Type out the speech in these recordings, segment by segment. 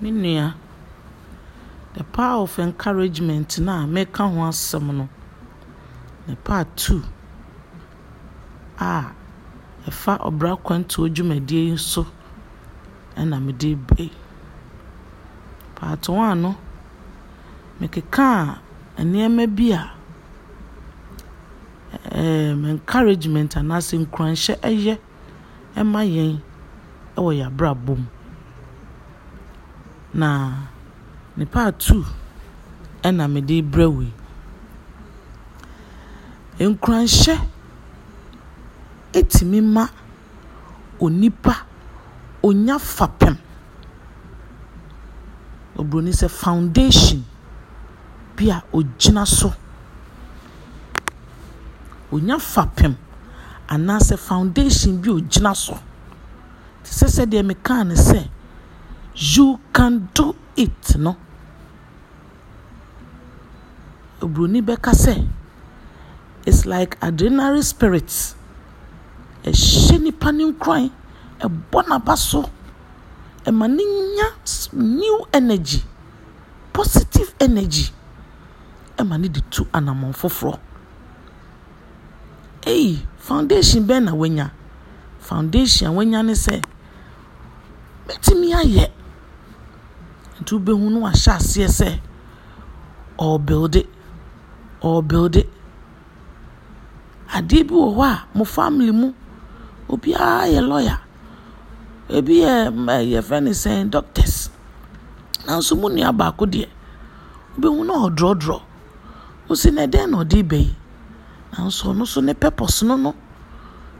me nua the power of encouragement na meka ho asɛm no ne part two a ɛfa ɔbra kwantuo dwumadie yi so ɛna mede be. part one no mekekaa nneɛma bi a um, encouragement anaasɛ nkuranhyɛ ɛyɛ ɛma yɛn ɛwɔ yɛ abrabɔ mu na ne part two me mede brɛ wei nkuranhyɛ ɛtumi ma onipa onya fapem obroni sɛ foundation bi a ogyina so onya fapem anaasɛ foundation bi a ogyina so te sɛ sɛdeɛ mekaa ne sɛ you can do it no oburoni bɛka sɛ it's like ordinary spirit ɛhyɛ e nipa ne nkuran ɛbɔ e n'aba so ɛma e ne nya new energy positive energy ɛma ne de tu anammɔn foforɔ eyi foundation bɛn na wanya foundation a wanya ne sɛ mɛtumi ayɛ nti wobɛhu no wahyɛ aseɛ sɛ ɔɔbelde ɔɔbelde adeɛ bi wɔ hɔ a mo family mu obiara yɛ lawyer ebi yɛ eh, yɛfrɛ ne sɛn doctors nanso mu nua baako deɛ wobɛhu no ɔdrɔdrɔ wosi na ɛdɛn na ɔde bɛ yi nanso ɔno so ne purpose no no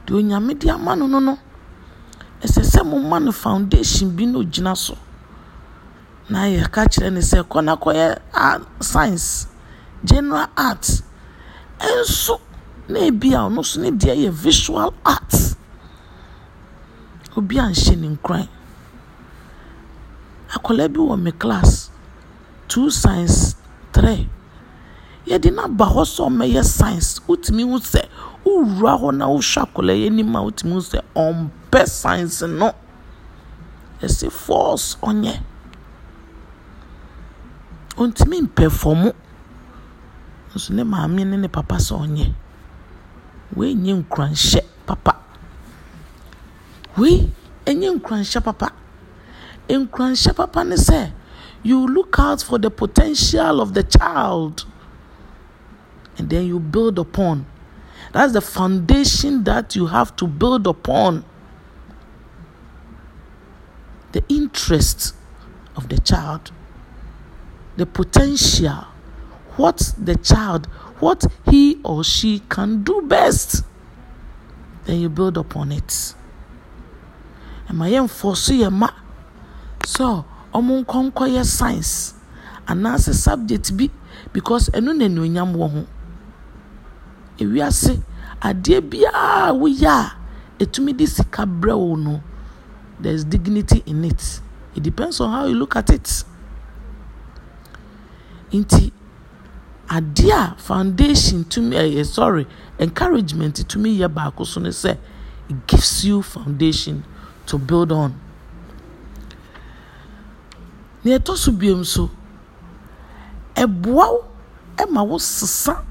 deɛ onyame de ama no no no ɛsɛ sɛ mo ma no foundation bi na ogyina so na yɛka kyerɛ ne sɛ kɔ na kɔyɛ science general art nso na ebi a ɔno so ne deɛ yɛ visual art obi a nhyɛ ne nkran akwadaa bi wɔ me class two science three yɛde n'aba hɔ sɛ ɔmɛyɛ science wotumi ho sɛ wowura hɔ na wohwɛ akwadaa yɛ anim a wotumi ho sɛ ɔmpɛ science no ɛsi force ɔnyɛ. ɔntumi mpɛfɔmo nso ne maame ne ne papa sɛ ɔnyɛ wei nyɛ nkuranhyɛ papa wei ɛnyɛ nkuranhyɛ papa nkuranhyɛ papa ne sɛ you look out for the potential of the child and then you build upon that's the foundation that you have to build upon the interest of the child the potential, what the child, what he or she can do best. Then you build upon it. And my young foresee ma. So, ọmụ nkọ nkọ yɛ science a subject be because ɛno na enuonyam wɔ ho ewiase adeɛ biara a woyɛ a etumi de sika brɛ wo no There's dignity in it it depends on how you look at it nti adeɛ a foundation tumi ɛyɛ eh, eh, sorry encouragement tumi yɛ baako so ne sɛ it gives you foundation to build on nea ɛtɔ so biom so ɛboa wo ɛma wo sesa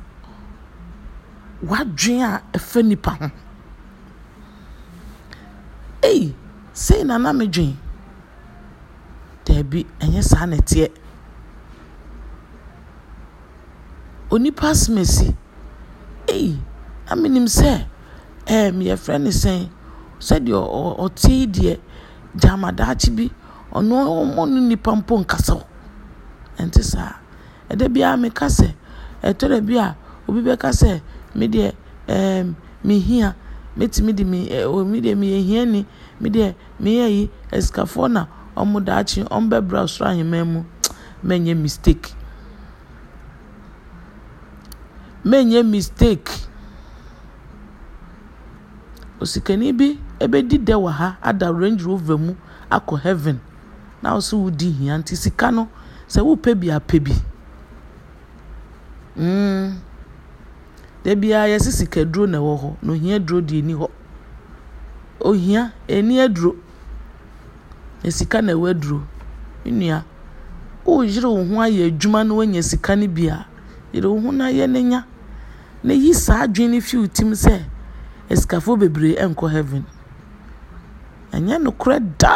w'adwene a ɛfa nipa ho ei sei na na medwen daabi ɛnyɛ saa na ɛteɛ onipa smesi eyi aminim sɛ ɛɛm yɛfrɛ ne sɛn sɛdeɛ ɔte deɛ gyaamadaakye bi ɔno ɔmo nipa mpo nkasaw ɛnte saa ɛda biara meka sɛ bi a obi bɛka sɛ me deɛ ɛɛm mehia metumi de me ɛɛ omi deɛ yi na ɔmo daakye ɔmo ɔsoro mu mɛnyɛ mistake. menye mistake osikani bi ebedi dɛ wɔ ha ada range rover mu akɔ heaven na ɔsɛ wodi hia nti sika no sɛ wopɛ bi apɛ bi mm debia yɛsi sika duro na ɛwɔ hɔ na ohia duro deɛ ni hɔ ohia ani aduro esika na ɛwɔ aduro nnua woyere wo ho ayɛ adwuma na woanya sika no bi a yere wo ho na yɛ nenya. na yi saa adwene no fi wo tim sɛ esikafo bebree nkɔ heaven ɛnyɛ nokorɛ da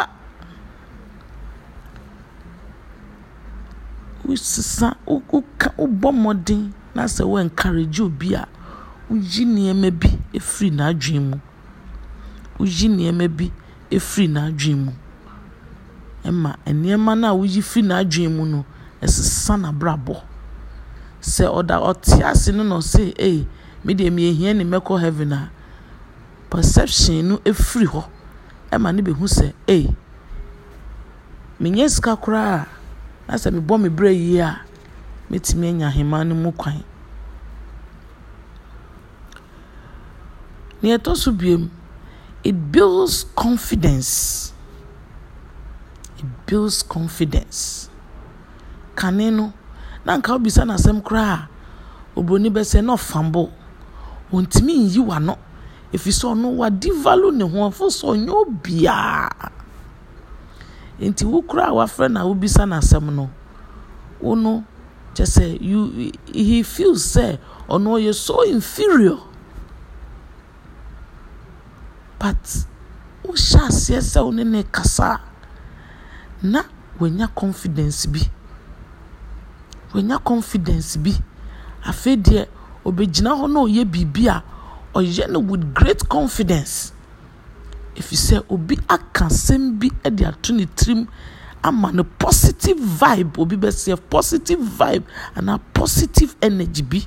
wosesa woka wobɔ mmɔden na sɛ wo encourage obi a woyi nneɛma bi firi n'adwene mu woyi nneɛma bi firi n'adwene mu ɛma nneɛma no a woyi firi n'adwene mu no ɛsesa n'abrabɔ sɛ ɔda ɔte ase no na ɔse ee me deɛ meyɛhia ne mɛkɔ heaven a perception no efiri hɔ ɛma ne behu sɛ ee menyɛ sika koraa na sɛ mebɔ me berɛ yie a metumi anya ahema no mu kwan nea ɛtɔ so biom it builds confidence it builds confidence kane no na nka wobisa no asɛm koraa obroni bɛsɛ na ɔfambo ɔntumi nyi w'ano ɛfiri sɛ ɔno wadi value ne ho ɔfo ɔnyɛ obiaa nti wo a wafrɛ na wobisa no no wo no you he feels sɛ ɔno ɔyɛ so inferior but wohyɛ aseɛ sɛ wo ne ne kasa na wanya confidence bi wanya confidence bi afei deɛ obɛgyina hɔ na ɔyɛ biribi a ɔyɛ no with great confidence ɛfiri sɛ obi aka asɛm bi de ato ne tirim ama no positive vibe obi bɛsɛ positive vibe anaa positive energy bi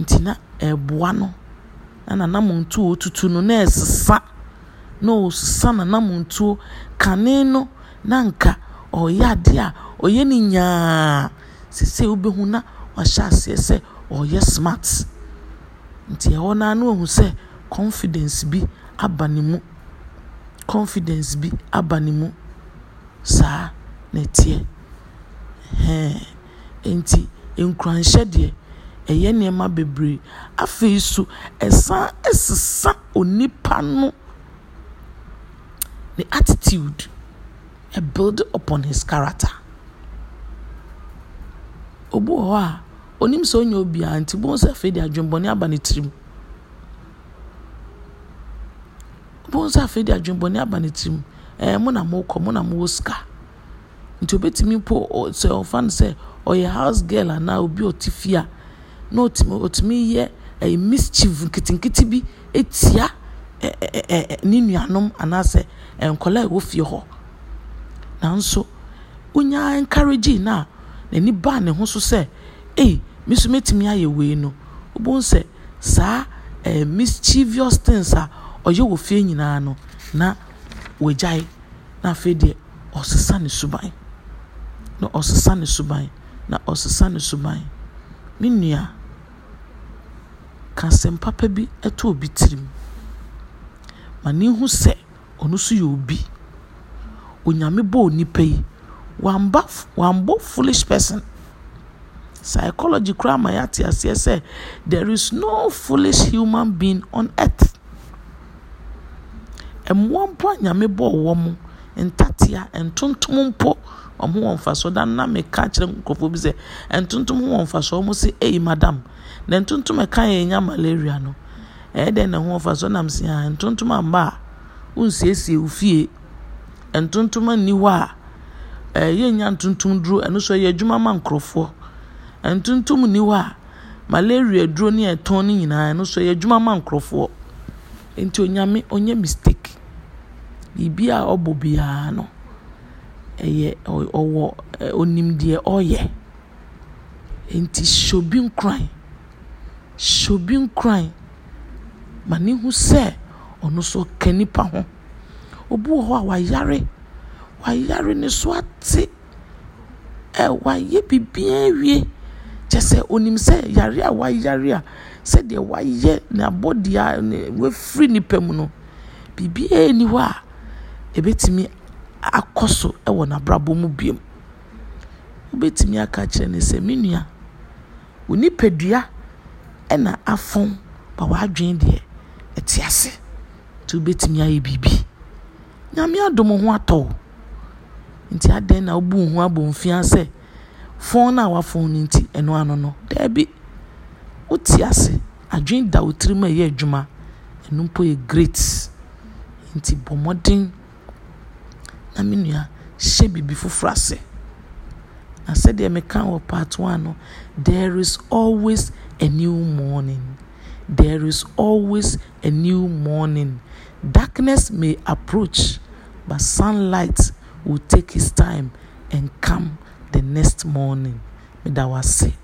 nti na ɛɛboa no na nanamontuo tutu no na ɛsesa na ɔsesa nanamontuo kane no na nka ɔyɛ adeɛ a ɔyɛ ne nyinaa sese wobɛhu na wahyɛ aseɛ sɛ ɔyɛ oh smart nti ɛhɔ e naa no ehu sɛ confidence bi aba ne mu confidence bi aba ne mu saa na ɛteɛ hɛn nti nkuranhyɛ deɛ ɛyɛ nneɛma bebree afei so ɛsan ɛsesa onipa no ne attitude ɛbuild upon his character. obu wɔ hɔ a onim sɛ onye obiara nti bohu sɛ afei de adwemmɔne aba ne tirim bohu sɛ afei de adwemmɔne aba ne tirim ɛɛ eh, mo na mo kɔ mo na mo sika nti obetumi po sɛ ɔfa no sɛ ɔyɛ house girl anaa obi ọtị fia a na otumi otumi yɛ ɛyɛ eh, mischief nketenkete bi etia ɛɛ eh, ɛɛ ne nuanom anaasɛ ɛnkɔla a ɛwɔ fie hɔ nanso onyaa encourage na. n'ani baa ne ho so sɛ ei me nso mɛtumi ayɛ wei no wobɛhu saa eh, mischievous things a ɔyɛ wɔ fie nyinaa no na wagyae na afei deɛ ɔsesa ne suban na ɔsesa ne suban na ɔsesa ne suban me nua ka asɛm papa bi to obi tirim ma ne hu sɛ ɔno so yɛ obi onyame bɔɔ nipa yi wamba wambɔ foolish person psychology koraa ma yɛate aseɛ sɛ there is no foolish human being on earth mmoa mpo a nyame bɔɔ wɔ mu ntatea ntontom mpo ɔmo wɔ mfasoɔ da na meka kyerɛ nkurɔfoɔ bi sɛ ntontom ho wɔ mfasoɔ ɔmo se eyi madam na ntontom ɛka yɛ nya malaria no ɛyɛ dɛ na ho wɔ mfasoɔ nam si ha ah, ntontom amba a wonsiesie wo fie ntontom anni hɔ a. ɛyɛ eh, nya ntuntum duro ɛno nso yɛ adwuma ma nkurɔfoɔ ntuntum ni hɔ a malaria duro ne ɛtɔn ne nyinaa ɛno nso yɛ ma nkurɔfoɔ nti onyame onyɛ mistake biribi a ɔbɔ biara no ɛyɛ ɔwɔ onim deɛ ɔyɛ nti hyɛ nkran nkran ma ne ho sɛ ɔno nso ka nipa ho wɔ hɔ a wayare. wayare ne so ate wayɛ biribiara awie kyɛ sɛ onim sɛ yare a wayare a sɛdeɛ wayɛ ne abɔdeɛ ne wafiri nipa mu no biribiara ni hɔ a ebetumi akɔ so wɔ n'abrabɔ mu biem wobɛtumi aka kyerɛ ne sɛ me nua wo ɛna afɔn ba w'adwene deɛ ɛte ase nti wobɛtumi ayɛ biribi nyame adom ho atɔ nti adan na wobu ho abɔ mfia sɛ fɔn no a wafɔn no nti ɛno ano no daabi wote ase adwene da wo tirim a ɛyɛ adwuma ɛno mpo yɛ great nti bɔ mmɔden na me nua hyɛ biribi foforɔ ase na sɛdeɛ meka wɔ part one no there is always a new morning there is always a new morning darkness may approach but sunlight. will take his time and come the next morning. Medawase.